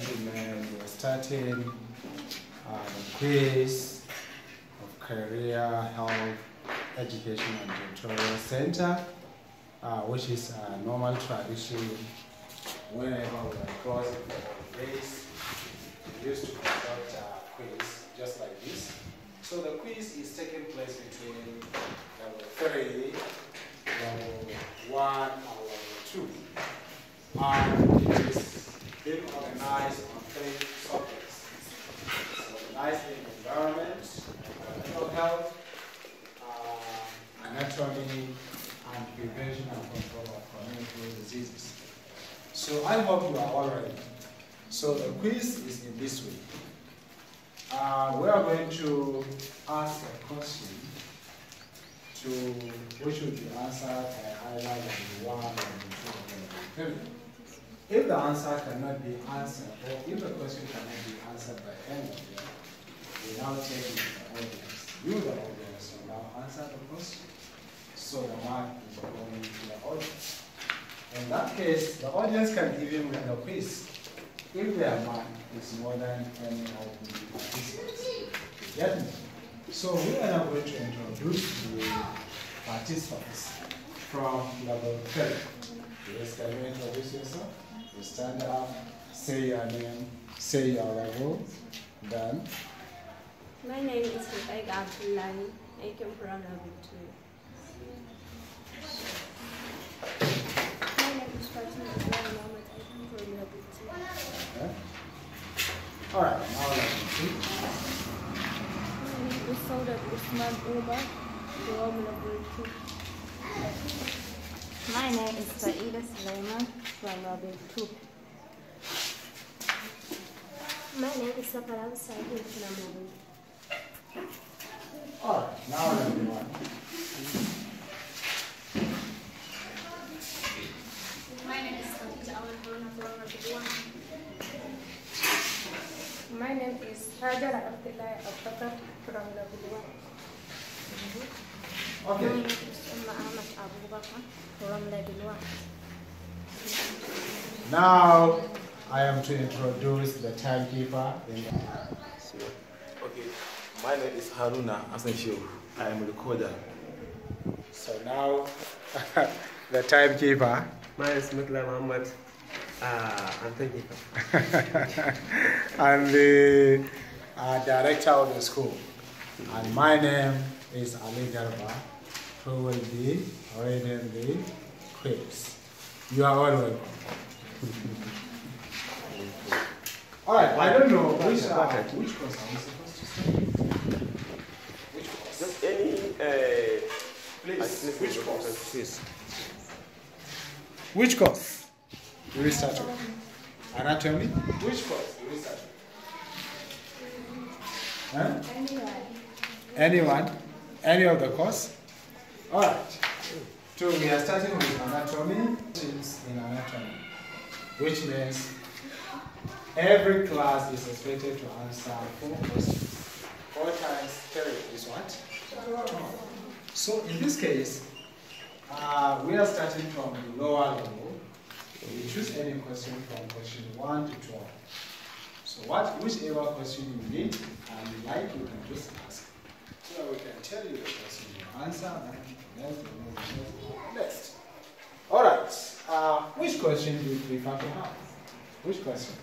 gentlemen, we are starting um, a quiz of Career Health Education and Tutorial Center, uh, which is a normal tradition whenever we are crossing the race. We used to conduct a quiz just like this. So the quiz is taking place between level 3, level 1, and level 2 being organized on three subjects. organizing environment, mental health, uh, anatomy, and prevention and control of communicable diseases. So I hope you are all ready. So the quiz is in this way. Uh, we are going to ask a question to which will be answered by either one or two. If the answer cannot be answered, or if the question cannot be answered by any of them, we now take it to the audience. You, the audience, will now answer the question. So the mark is going to the audience. In that case, the audience can give him the quiz if their mark is more than any of the participants. Get me? So we are now going to introduce the participants from level 3. Yes, can you introduce yourself? You stand up, say your name, say your level, then. My name is Hifai Abdullahi. I come from Victoria. My name is Fatima I come from Victoria. Okay. All right, now let see. My name is Saudat Usman Umar. I come from Victoria. My name is Saida Sulaiman from Robin 2. My name is Safarab Saidi from Robin 2. Alright, now everyone. My name is Khadija Awal from Robin 1. My name is Hajar Abdullah Abdullah from Robin 1. Now I am to introduce the timekeeper. Okay, my name is Haruna Asensio. I am a recorder. So now the timekeeper. My name is Mutla Muhammad. Uh, I'm timekeeper. the uh, director of the school. And my name is Ali Garba, who will be reading the quiz. You are all welcome. all right, I don't know which, uh, which course are we supposed to study? Which course? Just any uh, please. Which course? Yes. Which course? Research. Anatomy? Which course? Research. Huh? Anyone. Anyone? any of the course? All right. So we are starting with anatomy, in anatomy, which means every class is expected to answer four questions. Four times three is what? So in this case, uh, we are starting from the lower level. You choose any question from question 1 to 12. So what, whichever question you need and you like, you can just ask so we can tell you the answer. Next, All right. Uh, which question do you prefer to have? Which question?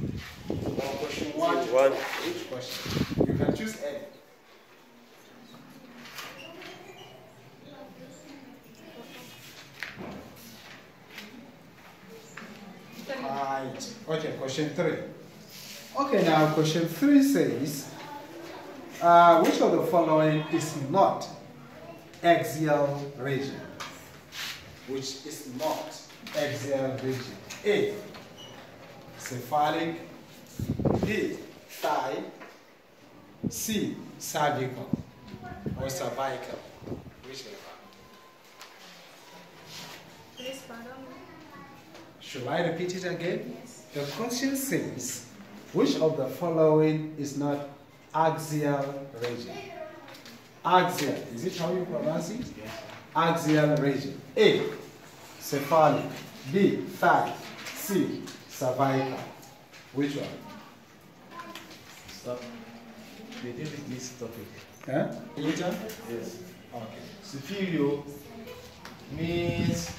Well, question one. one. Which question? You can choose any. Right. Okay, question three. Okay, now question three says uh, which of the following is not axial region? Which is not axial region? A. Cephalic. B. Thigh. C. Cervical or cervical. Which one? Should I repeat it again? Yes. The question says, which of the following is not axial region. Axial. Is it how you pronounce it? Yes. Axial region. A. Cephalic. B. Thigh. C. Cervical. Which one? Stop. They deal with this topic. Huh? Which one? Yes. Okay. Superior means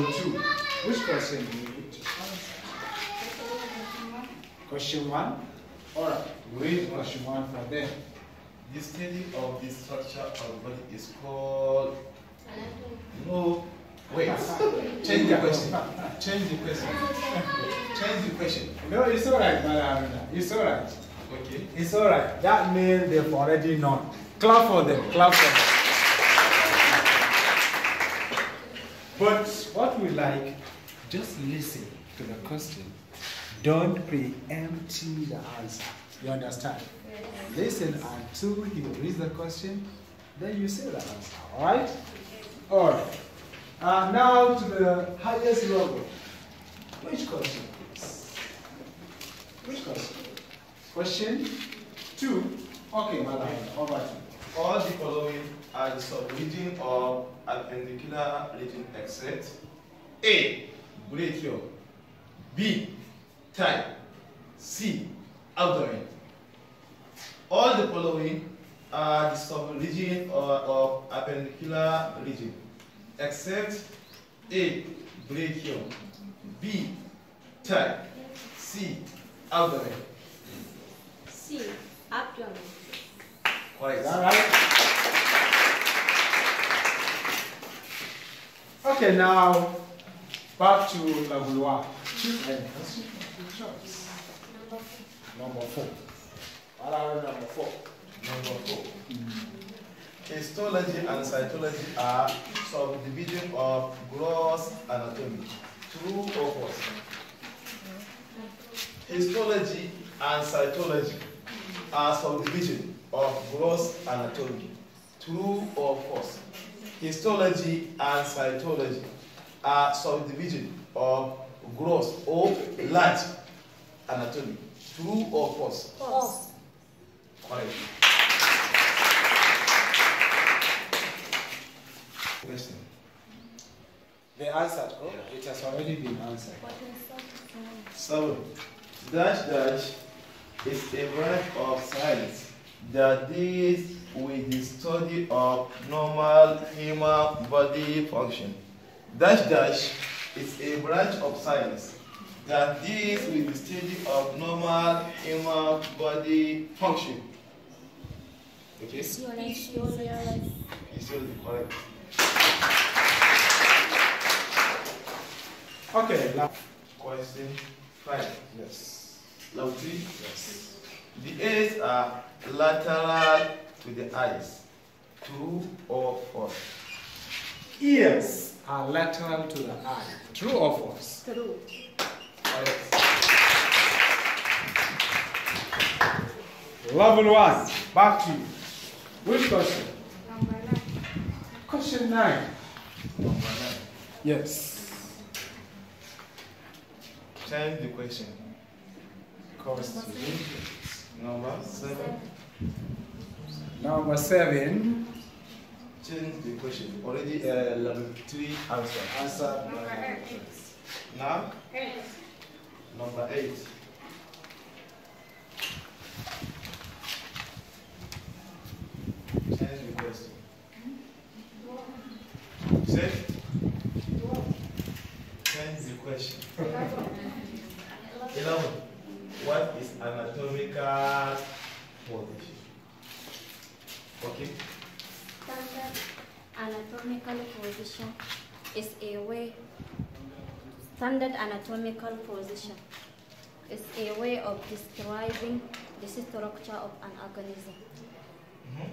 number two. Which question do you Question one? Alright, read question one for them. The study of the structure of body is called. No. Wait. Change the question. Change the question. Change the question. No, it's alright, Madam. It's alright. Okay. It's alright. That means they've already known. Clap for them. Clap for them. But what we like, just listen to the question. Don't preempt the answer. You understand? Listen until he reads the question, then you say the answer. All right? All right. Uh, now to the highest level. Which question? Which question? Question two. Okay, madam. All right. All the following the subregion of appendicular region except A. Brachial B. Thigh C. Abdomen All the following are the subregion of, of appendicular region except A. Brachial B. Thigh C. Abdomen C. Abdomen Correct. Is that right? Okay, now back to La Vouloir. Number four. Number four. Number four. Histology and cytology are subdivision of gross anatomy. True or false? Histology and cytology are subdivision of gross anatomy. True or false? histology and cytology are subdivision of gross or large anatomy. True or false? False. Correct. Question. The answer, oh, yeah. it has already been answered. Sorry. Dash dash is a branch of science that with the study of normal human body function. Dash dash is a branch of science that deals with the study of normal human body function. Okay? Physiology. Physiology, correct. Okay, now question five. Yes. Level three? Yes. The A's are lateral to the eyes. True or false? Ears are lateral to the eye. True or false? True. Right. Level one. Back to you. Which question? Number nine. Question nine. Number nine. Yes. Change the question. Cost. Number seven. Number seven. Change the question. Already uh, level three answer. Answer. Number eight. Now? Eight. Number eight. Change the question. Say? Change the question. Eleven. What is anatomical position? Okay. Standard anatomical position is a way. Standard anatomical position is a way of describing the structure of an organism. Mm -hmm.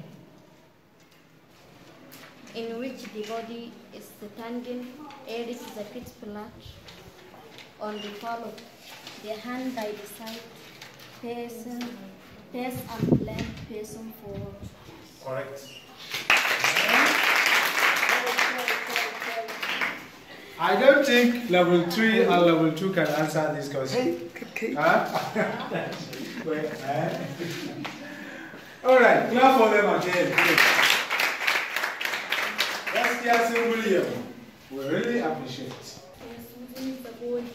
In which the body is standing, air is the pit flat on the follow, the hand by the side, person, face and blank forward correct? I don't think level 3 and level 2 can answer this question. Okay. Huh? Eh? All right, clap for them again. Let's hear William. We really appreciate it. the body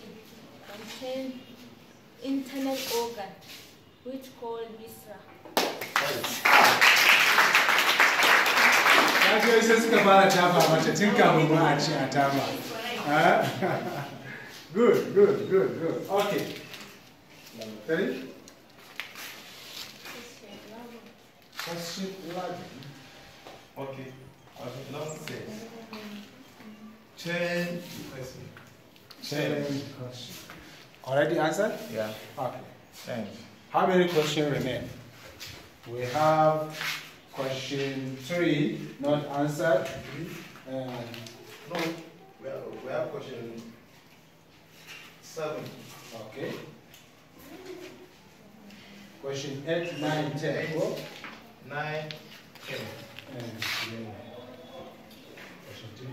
contains internal organ, which called Misra. sai suka fara tafa mata tun kafin ma a ce a tafa good good good good okay ready question 11 okay question 11 says change question change question already answered yeah okay change how many questions remain we have Question three, not answered. Um, no, we have, we have question seven. Okay. Question eight, nine, ten. Eight, oh. nine, ten. And, yeah. Question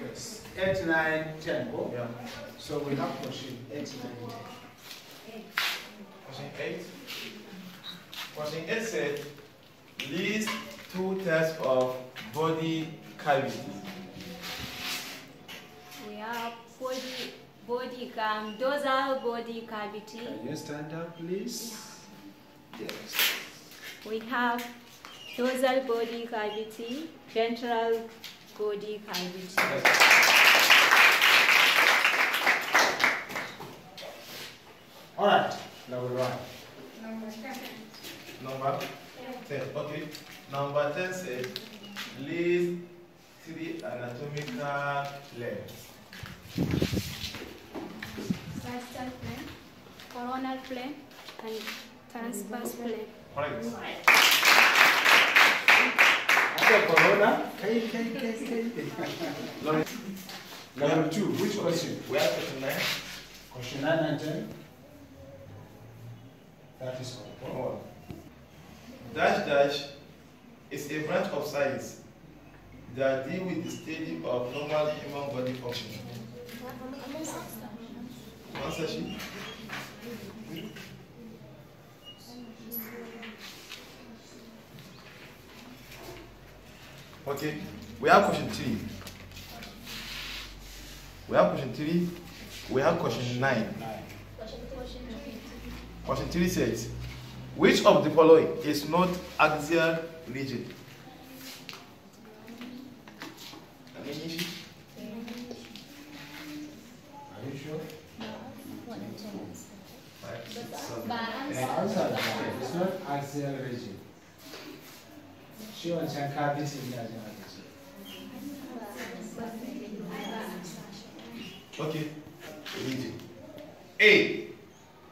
Yes. 8, 9, 10, Yeah. So we have question 8, 9, 10. Question 8. Question 8 said, list two types of body cavities. We have body, body cam, dorsal body cavity. Can you stand up, please? Yeah. Yes. We have dorsal body cavity, ventral body cavity. Yes. All right. Number one. Number seven. Number ten. Okay. Number ten says list three anatomical lengths. Sagittal plane, coronal plane, and transverse plane. Correct. After corona, number two. Which question? We have question nine. Question nine and ten. That is all. Dash dash is a branch of science that deal with the study of normal human body function. Sponsorship? Okay, we have question three. We have question three. We have question nine. nine. Question 3 says, which of the following is not axial region? Are you sure? It's not axial region. the Okay. Region. A.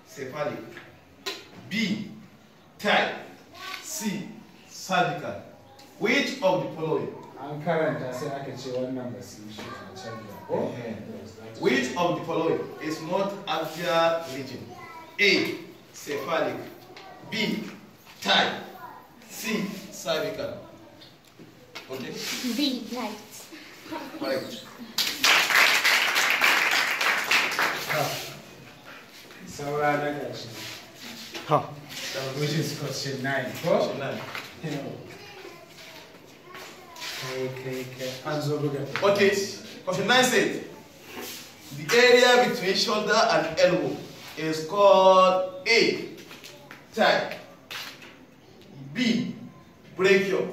Cephalic. B. type C. Cervical. Which of the following? i karanta sai aka ce wannan ba su yi shi a can da oh, uh-huh. Which of the following is not Asia region? A. Cephalic. B. type C. Cervical. Okay? B. Right. Correct. Saura na gashi. Huh. Which is question nine. Question nine. You know. Okay, okay. And so look at Okay, question nine said the area between shoulder and elbow is called A. Tag. B. Brachial.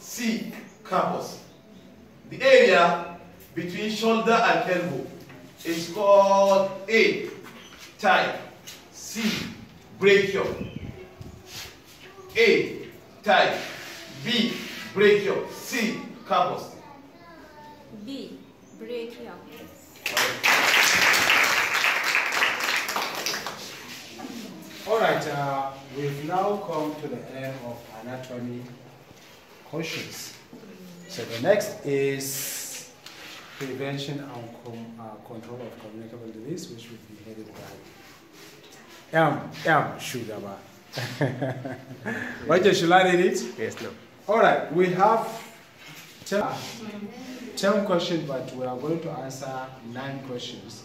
C. Carpus. The area between shoulder and elbow is called A. Tag. C. brachial. A, Type, B, brachial. C, carpus. B, brachial. All right, uh, we've now come to the end of anatomy questions. So the next is prevention and uh, control of communicable disease, which will be headed by M, M, sugar bar. Roger, should I read it? Yes, no. All right, we have 10, ten questions, but we are going to answer 9 questions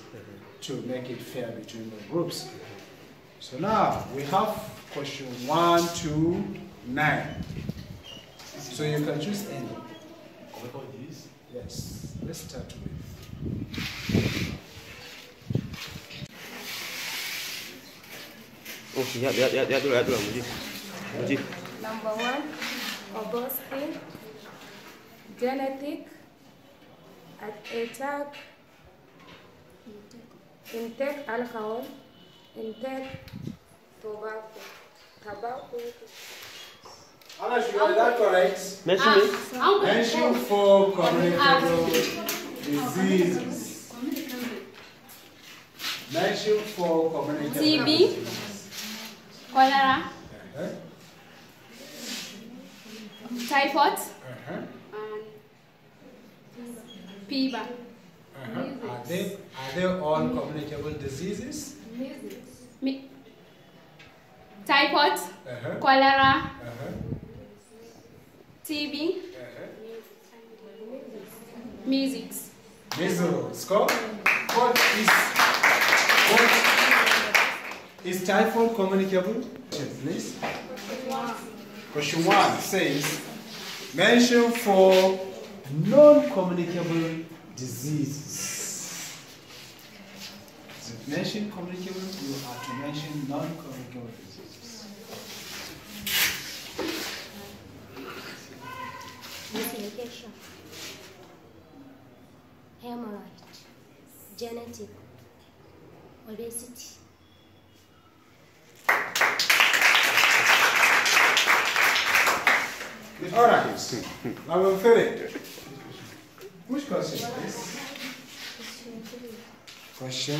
to make it fair between the groups. So now we have question 1, 2, 9. So you can choose any. Yes, let's start with. Oh, lihat, lihat, lihat, lihat dulu, lihat dulu, Muji. Muji. Number one, obesity, genetic, attack, intake alcohol, intake tobacco, tobacco. Unless you are that correct. Mention it. Mention for communicable disease. Mention for communicable disease. TB. Cholera. Uh -huh. Typhoid. Uh -huh. And um, fever. Uh -huh. Are they are they all communicable diseases? typhoid, uh-huh. cholera, uh-huh. TB, uh-huh. measles. Measles. Score. What is what? Is typhoid communicable? Please. Question one says, mention for non-communicable diseases. So mention communicable, you have to mention non-communicable diseases. Miscommunication, hemorrhage, genetic, obesity. All right. I will fill it. Which question is Question?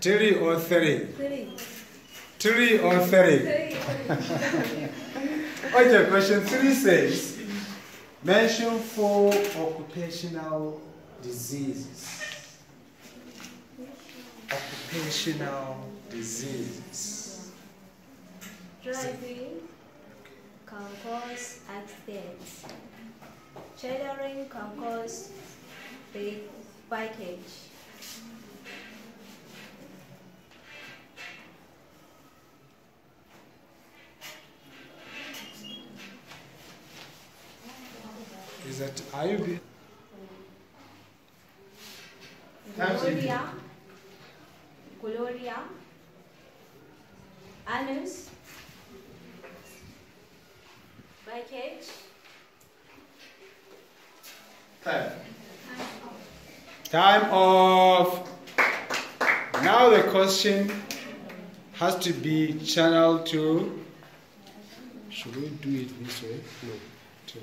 Three or thirty? Three. Three or three? okay, question three says, mention four occupational diseases. Occupational diseases. Driving can cause accidents. Tethering can cause big Is that are you? Gloria, Gloria, Anus, Time. Time off. Now the question has to be channeled to. Should we do it this way? No. To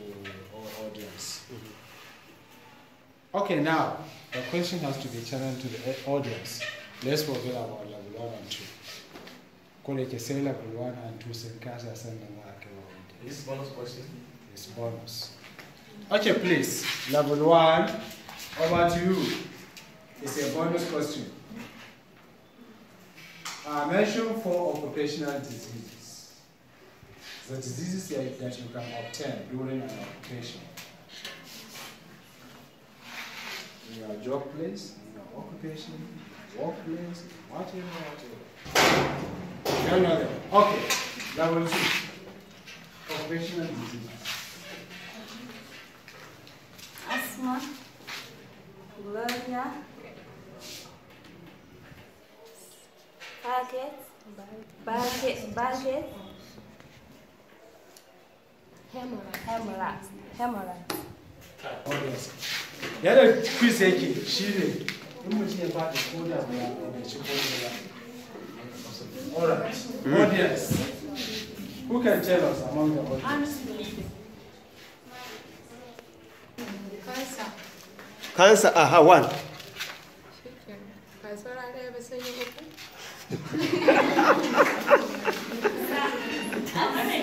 our audience. Mm-hmm. Okay, now the question has to be channeled to the audience. Let's forget about level one and two. College is level one and two. Senkasa, Sandalaka. This bonus question is bonus. Okay, please. Level one, over to you. It's a bonus question. Uh, mentioned four occupational diseases. The diseases that, that you can obtain during an occupation. In your job place, in your occupation, in your workplace, whatever, whatever. You don't know them. Okay, level two occupational diseases. Asthma, malaria, bucket, bucket, hemorrhage, hemorrhage, hemorrhage. Yadda Chris Alright, hmm. audience. Who can tell us among the audience? I'm sleeping. Cancer. Cancer, aha, one.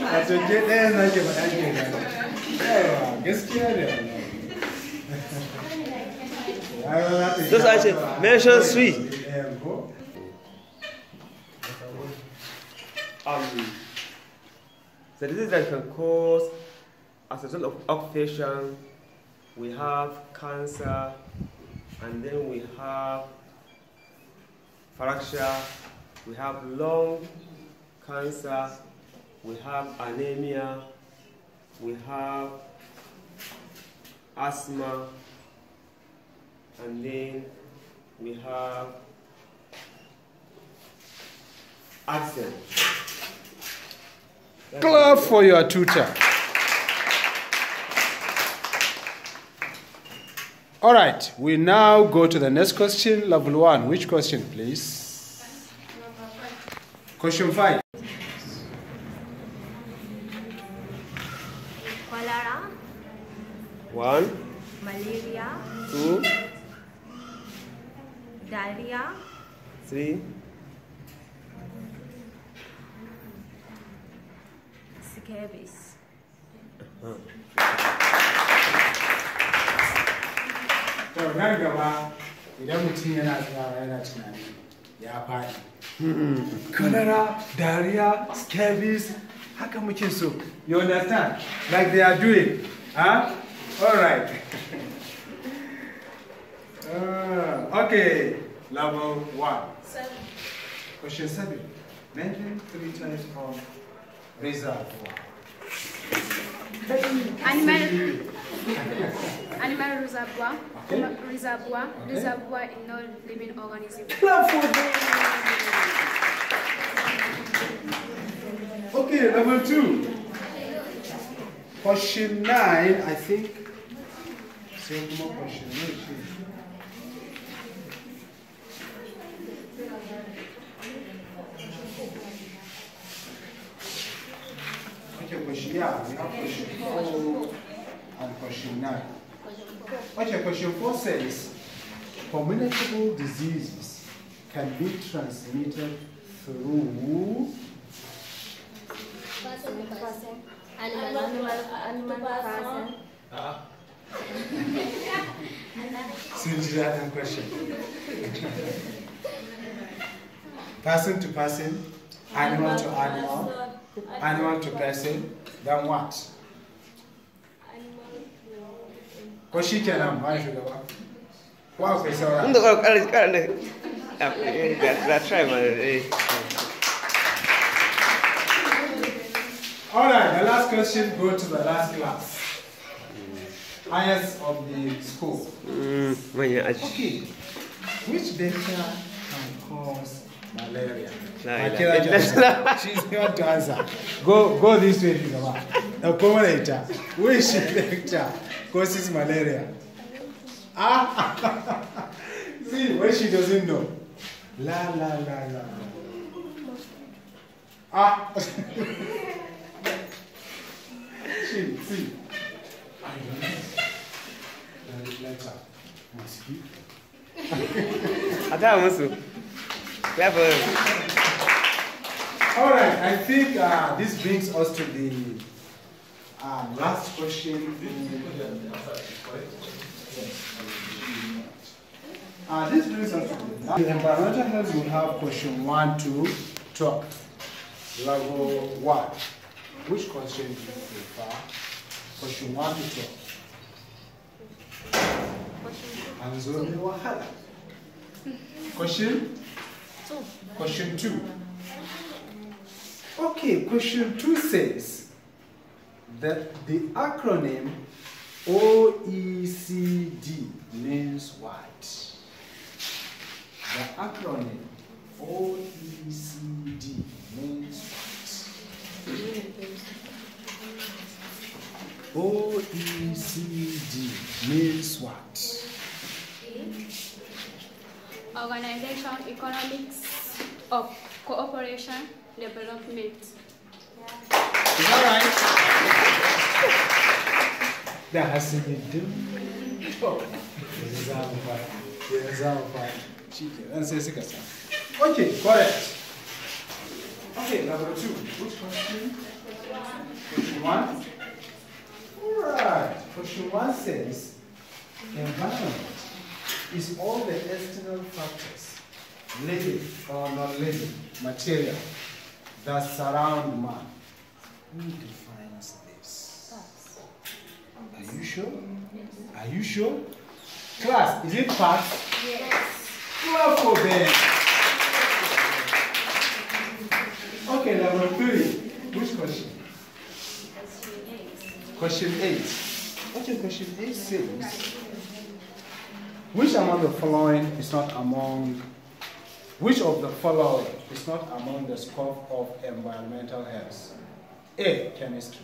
a to ke ɗaya na ke faɗa ke yawa gaskiya da wannan Just I say, mention three. Eh, um, so this is that can cause as a result of occupation, we have cancer, and then we have fracture, we have lung cancer, we have anemia, we have asthma, and then we have accident. Clap for your tutor. All right, we now go to the next question, level one. Which question, please? Question five. Cholera. One. Malaria. Two. Diarrhea. Three. Kebis. To Cholera, diarrhea, scabies, haka muke so. You understand? Like they are doing. Huh? All right. uh, okay, level one. Seven. Question seven. Mention three times from Praise the Animal, animal reservoir, okay. reservoir, okay. reservoir in all living organisms. Okay, level two. Question nine, I think. Question nine. Yeah, we have question 4 and question 9. Okay, question 4 says, communicable diseases can be transmitted through person to person, animal animal person. Since you question. person to person, animal to animal, animal to person, Dan what? Ko shi kenan ba shugaba. Ko akwai saura. Inda ƙwarar ƙarar ƙarar da ga All right, the last question goes to the last class. Highest of the school. Mm, okay. Which bacteria can cause malaria? she's not to answer. Go, go this way, Mama. Now, come later. she should lecture. Causes malaria. Ah! See, when she doesn't know. La, la, la, la. Ah! she, see. I don't know. I I all right, I think uh, this brings us to the uh, last question. Uh, this brings us to the last. The environmental health will have question one to talk. Level one. Which question do you prefer? Question one to talk. Question two. Question two. Question two. Okay, question two says that the acronym OECD means what? The acronym OECD means what? OECD means what? Organization Economic meat. Is that right? That has to be do. Chicken. And say sick Okay, correct. Okay, number two. Which question? Question one? Alright. Question one says environment is all the external factors, living or non living, material, that surround man. Who defines this? Are you sure? Are you sure? Class, is it past? Yes. Clap for them. Okay, number three. Which question? Question eight. What is question eight says? Which among the following is not among which of the following is not among the scope of environmental health? A. Chemistry.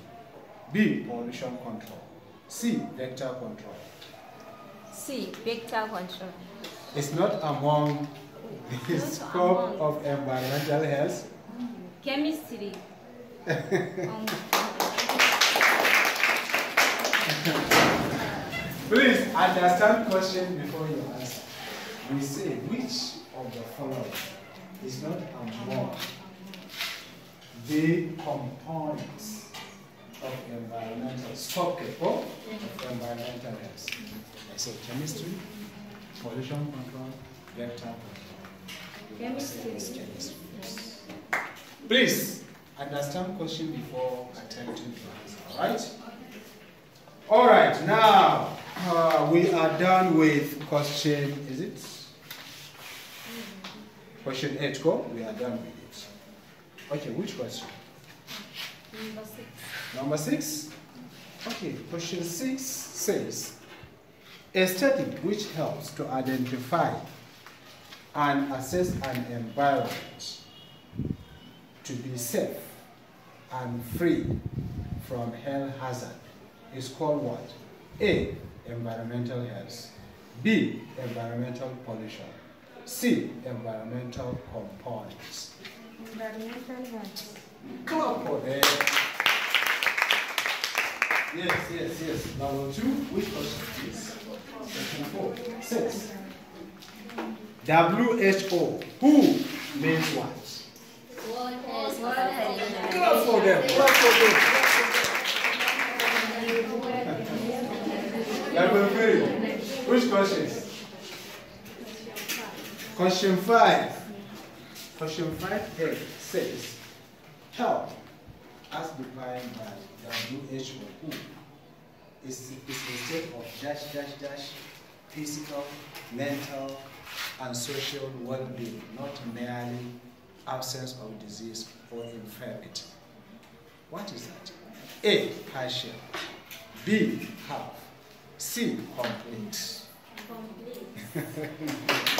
B. Pollution control. C. Vector control. C. Vector control. It's not among the not scope among. of environmental health. Chemistry. Please understand question before you answer. We say which of the following is not among the components of environmental scopekeeper of environmental health. I said chemistry, pollution control, vector control. Chemistry. chemistry. Please understand question before attempting to answer. All right. All right. Now uh, we are done with question. Is it? Question 8, go. We are done with it. Okay, which question? Number 6. Number 6? Okay, question 6 says, a study which helps to identify and assess an environment to be safe and free from health hazard is called what? A. Environmental health. B. Environmental pollution. C, environmental components. Environmental rights. for them. Yes, yes, yes. Number two, which question is? Section four. Six. WHO. Who means what? Clap for them. Clap for them. Number three. Which questions? Question five. Question five A says, health, as defined by WHO, is, is a state of dash, dash, dash, physical, mental, and social well-being, not merely absence of disease or infirmity. What is that? A, partial. B, half. C, complete. Complete.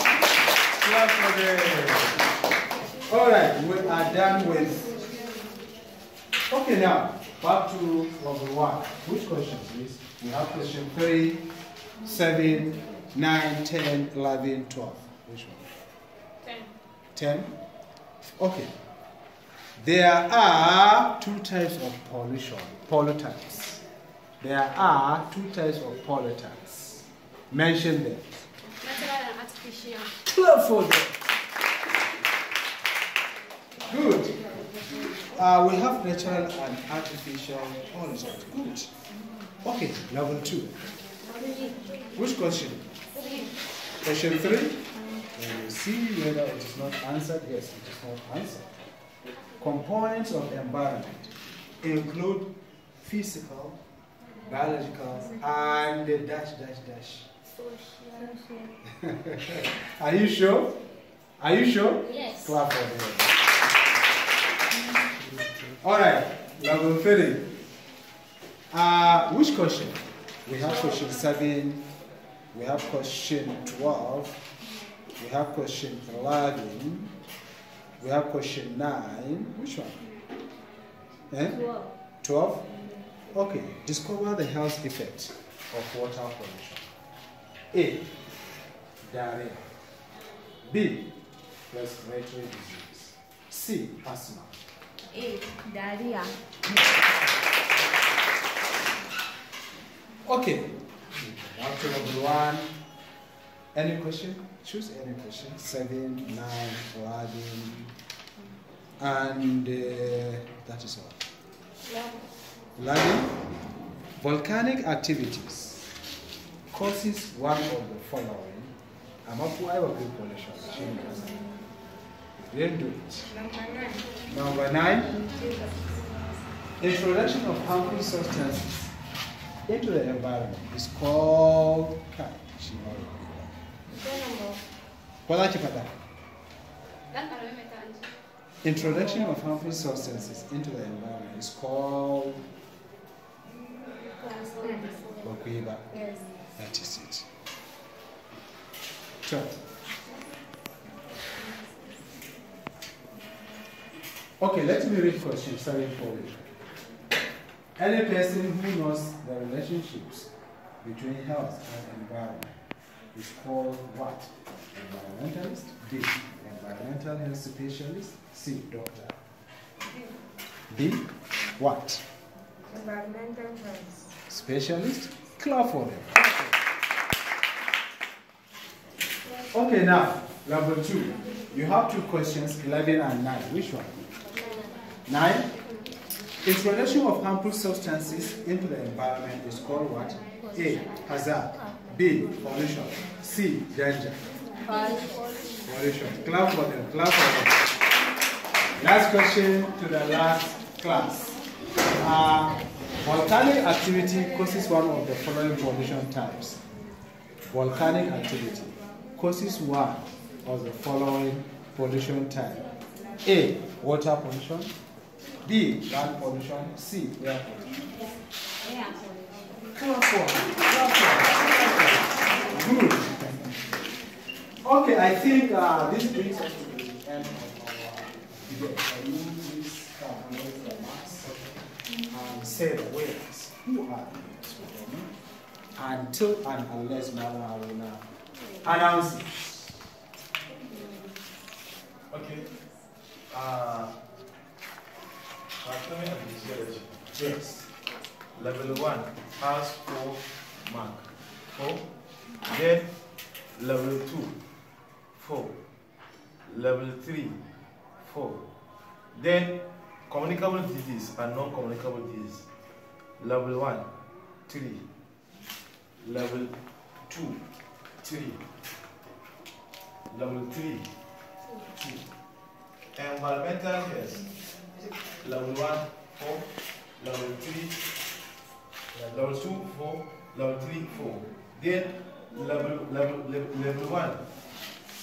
clap for them. All right, we are done with. Okay, now back to level one. Which questions, please? We have question three, seven, nine, ten, eleven, twelve. Which one? Ten. Ten. Okay. There are two types of pollution, pollutants. There are two types of pollutants. Mention them. Teşekkür for them. Good. Uh, we have natural and artificial horizons. Good. Okay, level two. Which question? Question three. Uh, see whether it is not answered. Yes, it is not answered. Components of environment include physical, biological, and dash, dash, dash. Social. Are you sure? Are you sure? Yes. Clap for All right, level three. Uh, which question? We have question seven. We have question twelve. We have question eleven. We have question nine. Which one? Eh? Twelve. Twelve. Okay. Discover the health effect of water pollution. A, diarrhea. B, respiratory disease. C, asthma. A, diarrhea. Okay. After number one, any question? Choose any question. Seven, nine, eleven, and uh, that is all. Eleven. Volcanic activities causes one of the following amapuwayo population changes. Then do it. Number nine. Number nine. Introduction of harmful substances into the environment is called kachimoro. Introduction of harmful substances into the environment is called Yes. That is it. Okay, let me read question 7 for you. Any person who knows the relationships between health and environment is called what? Environmentalist? D. Environmental health specialist? C. Doctor. D. D. What? Environmental health. Specialist? Clap for them. Okay, now, level two. You have two questions, 11 and 9. Which one? 9. Introduction of harmful substances into the environment is called what? A. Hazard. B. Pollution. C. Danger. Pollution. Clap for them. Clap for them. Last question to the last class. Uh, volcanic activity causes one of the following pollution types. Volcanic activity causes one of the following pollution type. A. Water pollution. B. Land pollution. C. Air pollution. Good. Okay, I think uh, this brings us to the end of our debate. I use this kind uh, remarks and say the words who are responsible until and unless Mama will now announce it. Okay. Uh, yes. Level 1, pass 4, mark 4. Then, level 2, 4. Level 3, 4. Then, communicable disease and non-communicable disease. Level 1, 3. Level 2, 3. Level 3, 2. Environmental health. Level 1, 4. Level 3, level 2, 4. Level 3, 4. Then level, level, level, level 1,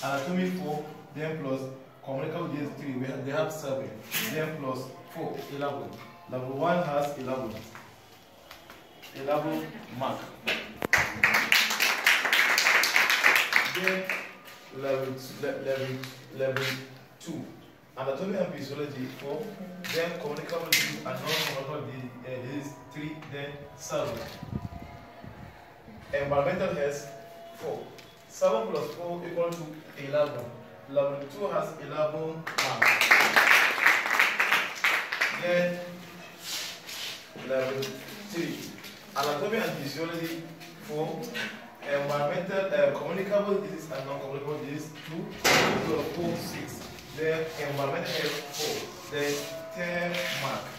anatomy 4, then plus communicable disease 3, where they have 7. Then plus plus four, eleven. Level 1 has 11. 11 mark. Then level, le, level, level 2. Anatomy and physiology 4, then communicable disease and non-communicable disease eh, 3, then 7. Environmental health 4. 7 plus 4 equal to 11. Level 2 has 11 marks. Then level 3. Anatomy and physiology 4 environmental uh, communicable disease and non-communicable disease 2, 4, 6. Then environmental health 4. Then 10 mark.